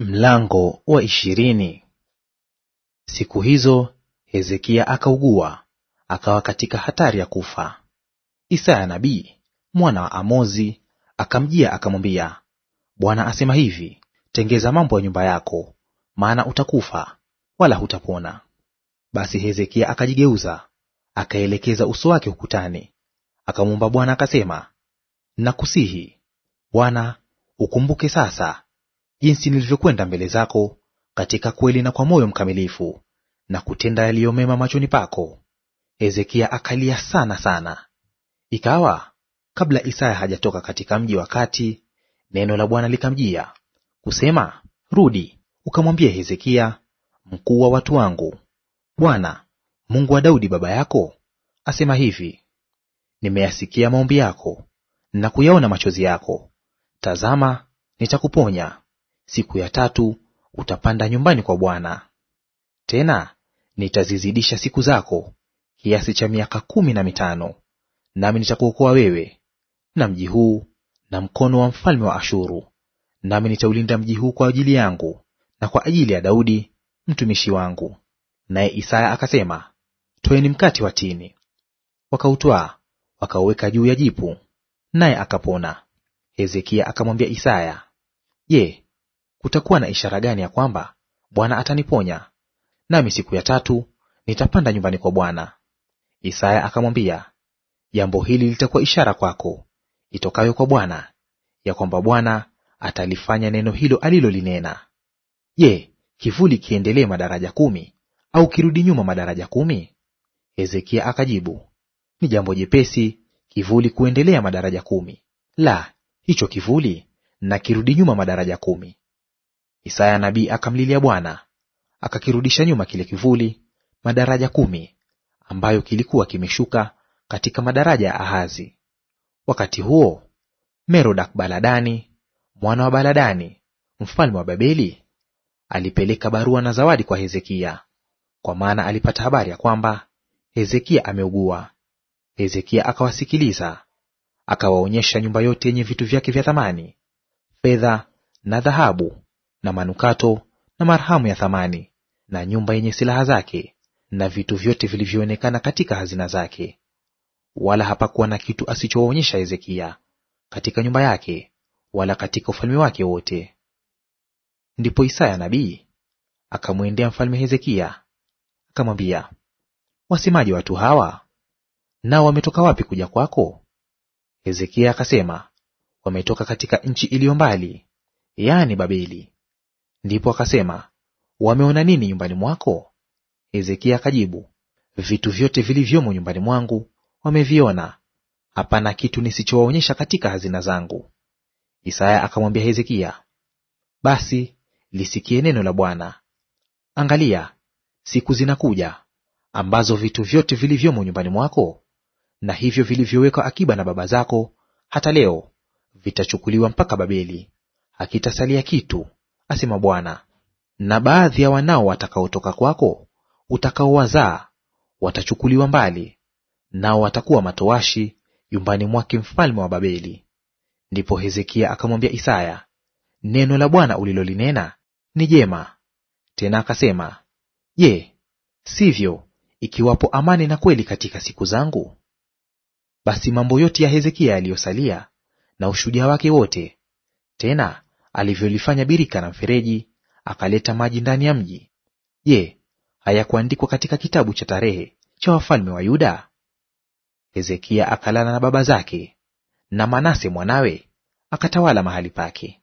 Mlango wa ishirini. Siku hizo Hezekia akaugua, akawa katika hatari ya kufa. Isaya nabii mwana wa Amozi akamjia akamwambia, Bwana asema hivi, tengeza mambo ya nyumba yako, maana utakufa wala hutapona. Basi Hezekia akajigeuza, akaelekeza uso wake ukutani, akamwomba Bwana akasema, nakusihi Bwana, ukumbuke sasa jinsi nilivyokwenda mbele zako katika kweli na kwa moyo mkamilifu, na kutenda yaliyo mema machoni pako. Hezekia akalia sana sana. Ikawa kabla Isaya hajatoka katika mji wa kati, neno la Bwana likamjia kusema, rudi ukamwambie Hezekia mkuu wa watu wangu, Bwana Mungu wa Daudi baba yako asema hivi, nimeyasikia maombi yako na kuyaona machozi yako. Tazama, nitakuponya siku ya tatu utapanda nyumbani kwa Bwana. Tena nitazizidisha siku zako kiasi cha miaka kumi na mitano, nami nitakuokoa wewe na mji huu na mkono wa mfalme wa Ashuru, nami nitaulinda mji huu kwa ajili yangu na kwa ajili ya Daudi mtumishi wangu. Naye Isaya akasema, Tweni mkate wa tini. Wakautwaa wakauweka juu ya jipu, naye akapona. Hezekia akamwambia Isaya, Je, kutakuwa na ishara gani ya kwamba Bwana ataniponya? Nami siku ya tatu nitapanda nyumbani kwa Bwana. Isaya akamwambia, jambo hili litakuwa ishara kwako itokayo kwa Bwana, ya kwamba Bwana atalifanya neno hilo alilolinena. Je, kivuli kiendelee madaraja kumi au kirudi nyuma madaraja kumi? Hezekia akajibu, ni jambo jepesi kivuli kuendelea madaraja kumi. La, hicho kivuli na kirudi nyuma madaraja kumi. Isaya nabii akamlilia Bwana, akakirudisha nyuma kile kivuli madaraja kumi ambayo kilikuwa kimeshuka katika madaraja ya Ahazi. Wakati huo Merodak Baladani mwana wa Baladani mfalme wa Babeli alipeleka barua na zawadi kwa Hezekia, kwa maana alipata habari ya kwamba Hezekia ameugua. Hezekia akawasikiliza, akawaonyesha nyumba yote yenye vitu vyake vya thamani, fedha na dhahabu na manukato na marhamu ya thamani na nyumba yenye silaha zake na vitu vyote vilivyoonekana katika hazina zake. Wala hapakuwa na kitu asichowaonyesha Hezekia katika nyumba yake wala katika ufalme wake wote. Ndipo Isaya nabii akamwendea mfalme Hezekia akamwambia, wasemaje watu hawa? Nao wametoka wapi kuja kwako? Hezekia akasema, wametoka katika nchi iliyo mbali, yaani Babeli. Ndipo akasema, wameona nini nyumbani mwako? Hezekia akajibu, vitu vyote vilivyomo nyumbani mwangu wameviona, hapana kitu nisichowaonyesha katika hazina zangu. Isaya akamwambia Hezekia, basi lisikie neno la Bwana. Angalia, siku zinakuja ambazo vitu vyote vilivyomo nyumbani mwako na hivyo vilivyowekwa akiba na baba zako hata leo vitachukuliwa mpaka Babeli, hakitasalia kitu asema Bwana, na baadhi ya wanao watakaotoka kwako utakaowazaa watachukuliwa mbali, nao watakuwa matowashi nyumbani mwake mfalme wa Babeli. Ndipo Hezekia akamwambia Isaya, neno la Bwana ulilolinena ni jema. Tena akasema, Je, sivyo ikiwapo amani na kweli katika siku zangu? Basi mambo yote ya Hezekia yaliyosalia na ushujaa wake wote, tena alivyolifanya birika na mfereji, akaleta maji ndani ya mji, je, hayakuandikwa katika kitabu cha tarehe cha wafalme wa Yuda? Hezekia akalala na baba zake, na Manase mwanawe akatawala mahali pake.